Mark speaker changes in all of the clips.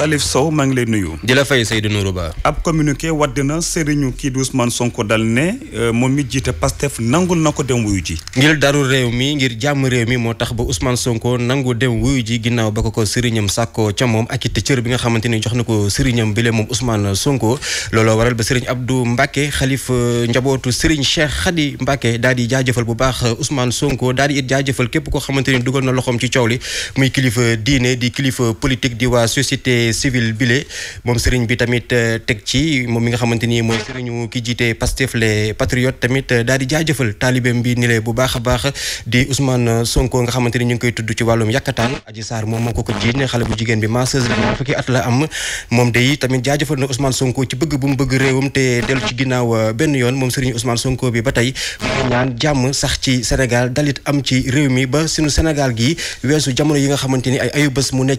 Speaker 1: Salif Sow maa ngi lay nuyu. di la fay Seydou Nourou Ba. ab communiqué wadd na sëriñu kii di Ousmane Sonko dal ne euh, moom mi jiite Pastef nangul na ko
Speaker 2: dem wuyu ji. ngir daru réew mi ngir jàmm réew mi moo tax ba usmaan Sonko nangu dem wuyu ji ginnaaw ba ko ko sëriñam sàkkoo ca moom ak it cër bi nga xamante ni jox na ko sëriñam bile moom Ousmane Sonko looloo waral ba sëriñ Abdou Mbacke xalif euh, njabootu sëriñ Cheikh Khady Mbacke daal di jaajëfal bu baax euh, Ousmane Sonko daal di jaajëfal képp koo xamante ni dugal na loxoom ci coow li muy kilifa société civile bile moom sëriñ bi tamit euh, teg ci moom mi nga xamante ni mooy sëriñu ki jiite Pastef les patriotes tamit euh, daal di jaajëfal taalibeem bi ni lee bu baax a baax di Ousmane Sonko nga xamante ni ñu ngi koy tudd ci wàllum yàkkataan Adji Sarr moom moo ko ko jiin xale bu jigéen bi at la am moom day tamit jaajëfal na Ousmane Sonko ci bëgg bu mu bëgg réewam te dellu ci ginnaaw euh, benn yoon moom sëriñ Ousmane Sonko bi ba tey mu ñaan jàmm sax ci Sénégal dalit am ci réew mi ba sunu Sénégal gi weesu jamono yi nga xamante ni ay ayu bés mu ne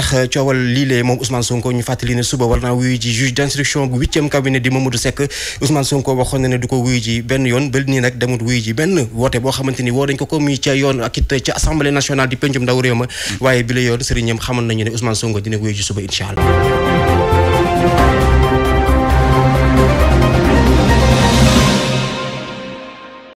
Speaker 2: ndax euh, coowal lii lee moom Ousmane Sonko ñu fàttali ne suba war naa wuyu ji juge d'instruction bu huitième cabinet di Mamadou Seck Ousmane Sonko waxoon ne du ko wuyu ji benn yoon ba nii nag demut wuyu ji benn woote boo xamante ni woo dañ ko ko ca yoon ak ca assemblée nationale di pencum ndaw réew ma mm. waaye bi yoon sëriñam xamoon nañu ne Ousmane Sonko dina wuyu ji suba incha allah